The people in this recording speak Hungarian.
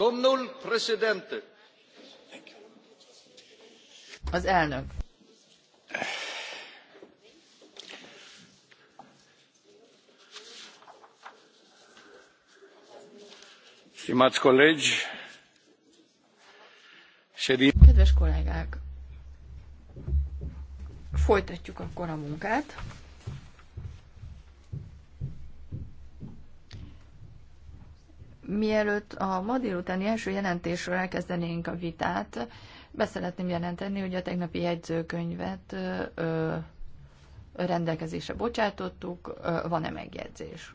Domnul președinte. Az elnök. Stimați colegi, ședin... Kedves kollégák, folytatjuk akkor a munkát. Mielőtt a ma délutáni első jelentésről elkezdenénk a vitát, beszeretném jelenteni, hogy a tegnapi jegyzőkönyvet ö, rendelkezésre bocsátottuk, van-e megjegyzés?